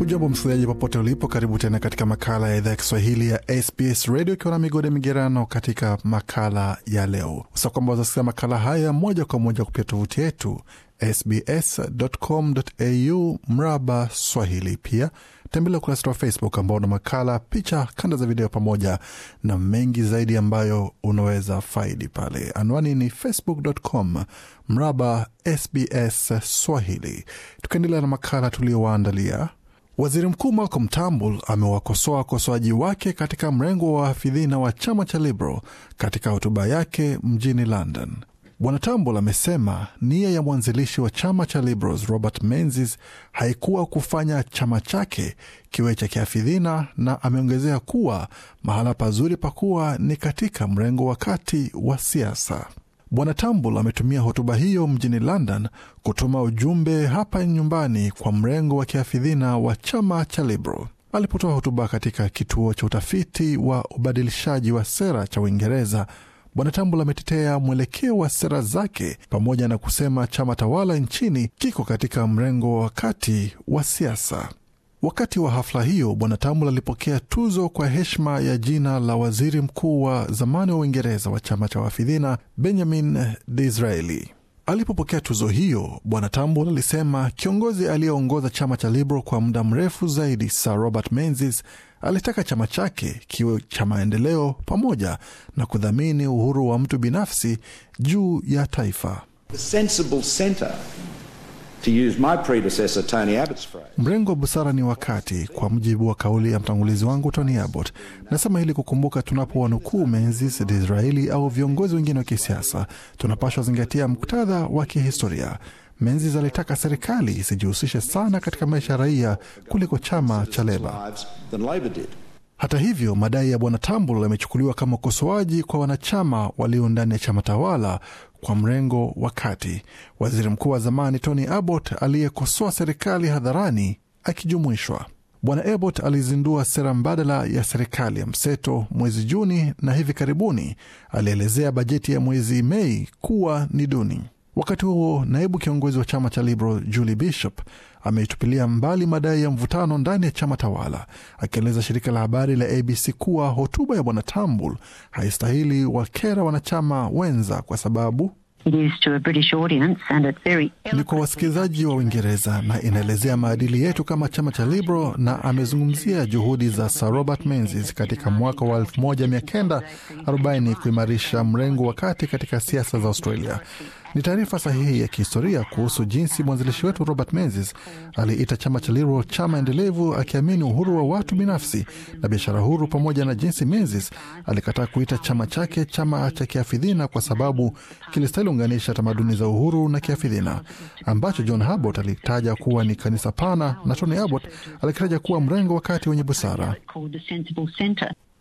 ujambo msikilizaji, popote ulipo, karibu tena katika makala ya idhaa ya Kiswahili ya SBS Radio ikiwa na migode migerano. Katika makala ya leo Sa kwamba wazasikia makala haya moja kwa moja kupitia tovuti yetu sbs.com.au mraba Swahili. Pia tembelea ukurasa wa Facebook ambao una makala, picha, kanda za video pamoja na mengi zaidi ambayo unaweza faidi pale. Anwani ni facebook.com mraba SBS Swahili. Tukaendelea na makala tuliyowaandalia Waziri Mkuu Malcolm Turnbull amewakosoa wakosoaji wake katika mrengo wa wahafidhina wa chama cha Liberal katika hotuba yake mjini London. Bwana Turnbull amesema nia ya mwanzilishi wa chama cha Liberals Robert Menzies haikuwa kufanya chama chake kiwe cha kiafidhina na ameongezea kuwa mahala pazuri pakuwa ni katika mrengo wa kati wa siasa. Bwana Tambul ametumia hotuba hiyo mjini London kutuma ujumbe hapa nyumbani kwa mrengo wa kiafidhina wa chama cha Liberal. Alipotoa hotuba katika kituo cha utafiti wa ubadilishaji wa sera cha Uingereza, Bwana Tambul ametetea mwelekeo wa sera zake pamoja na kusema chama tawala nchini kiko katika mrengo wa kati wa siasa. Wakati wa hafla hiyo, Bwana Tamul alipokea tuzo kwa heshima ya jina la waziri mkuu wa zamani wa Uingereza wa chama cha wafidhina Benjamin Disraeli. Alipopokea tuzo hiyo, Bwana Tambul alisema kiongozi aliyeongoza chama cha Liberal kwa muda mrefu zaidi, Sir Robert Menzies, alitaka chama chake kiwe cha maendeleo pamoja na kudhamini uhuru wa mtu binafsi juu ya taifa. The To use my predecessor, Tony Abbott's phrase. Mrengo wa busara ni wakati, kwa mujibu wa kauli ya mtangulizi wangu Tony Abbott. Nasema ili kukumbuka tunapowanukuu wanukuu za Israeli au viongozi wengine wa kisiasa, tunapashwa zingatia muktadha wa kihistoria. Menzies alitaka serikali isijihusishe sana katika maisha ya raia kuliko chama cha Leba. Hata hivyo, madai ya bwana Tambul yamechukuliwa kama ukosoaji kwa wanachama walio ndani ya chama tawala kwa mrengo wa kati. Waziri mkuu wa zamani Tony Abbott aliyekosoa serikali hadharani akijumuishwa. Bwana Abbott alizindua sera mbadala ya serikali ya mseto mwezi Juni na hivi karibuni alielezea bajeti ya mwezi Mei kuwa ni duni. Wakati huo naibu kiongozi wa chama cha Liberal Julie Bishop ameitupilia mbali madai ya mvutano ndani ya chama tawala, akieleza shirika la habari la ABC kuwa hotuba ya bwana Tambul haistahili wakera wanachama wenza kwa sababu ni kwa wasikilizaji wa Uingereza na inaelezea maadili yetu kama chama cha Liberal, na amezungumzia juhudi za Sir Robert Menzies katika mwaka wa 1940 kuimarisha mrengo wa kati katika siasa za Australia. Ni taarifa sahihi ya kihistoria kuhusu jinsi mwanzilishi wetu Robert Menzies aliita chama cha Liberal chama endelevu, akiamini uhuru wa watu binafsi na biashara huru, pamoja na jinsi Menzies alikataa kuita chama chake chama cha kiafidhina kwa sababu kilistahili unganisha tamaduni za uhuru na kiafidhina, ambacho John Abbott alitaja kuwa ni kanisa pana na Tony Abbott alikitaja kuwa mrengo wa kati wenye busara.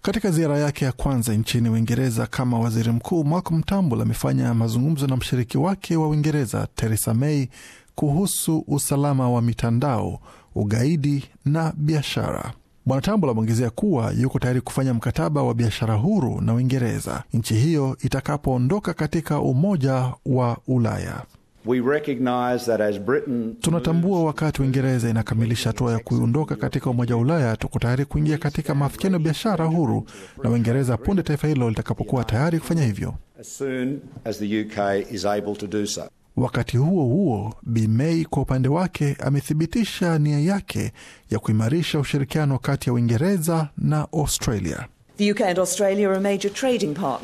Katika ziara yake ya kwanza nchini Uingereza kama waziri mkuu, Malcolm Turnbull amefanya mazungumzo na mshiriki wake wa Uingereza Theresa May kuhusu usalama wa mitandao, ugaidi na biashara. Bwana Turnbull ameongezea kuwa yuko tayari kufanya mkataba wa biashara huru na Uingereza, nchi hiyo itakapoondoka katika Umoja wa Ulaya. We recognize that as Britain... tunatambua wakati Uingereza inakamilisha hatua ya kuondoka katika Umoja wa Ulaya, tuko tayari kuingia katika maafikiano ya biashara huru na Uingereza punde taifa hilo litakapokuwa tayari kufanya hivyo. As soon as the UK is able to do so. Wakati huo huo, Bi May kwa upande wake amethibitisha nia yake ya kuimarisha ushirikiano kati ya Uingereza na Australia.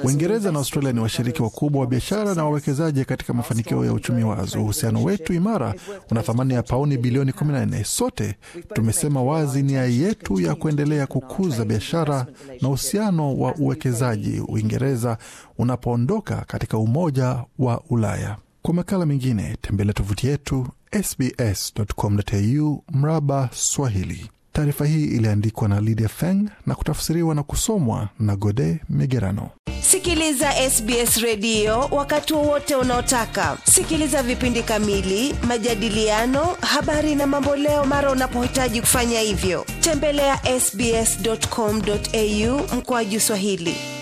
Uingereza na Australia ni washiriki wakubwa wa biashara na wawekezaji katika mafanikio ya uchumi wazo. Uhusiano wetu imara una thamani ya pauni bilioni 14. Sote tumesema wazi nia yetu ya kuendelea kukuza biashara na uhusiano wa uwekezaji Uingereza unapoondoka katika Umoja wa Ulaya. Kwa makala mengine tembelea tovuti yetu sbs.com.au mraba Swahili. Taarifa hii iliandikwa na Lydia Feng na kutafsiriwa na kusomwa na Gode Migerano. Sikiliza SBS redio wakati wowote unaotaka. Sikiliza vipindi kamili, majadiliano, habari na mamboleo mara unapohitaji kufanya hivyo. Tembelea ya sbs.com.au mkoaji Swahili.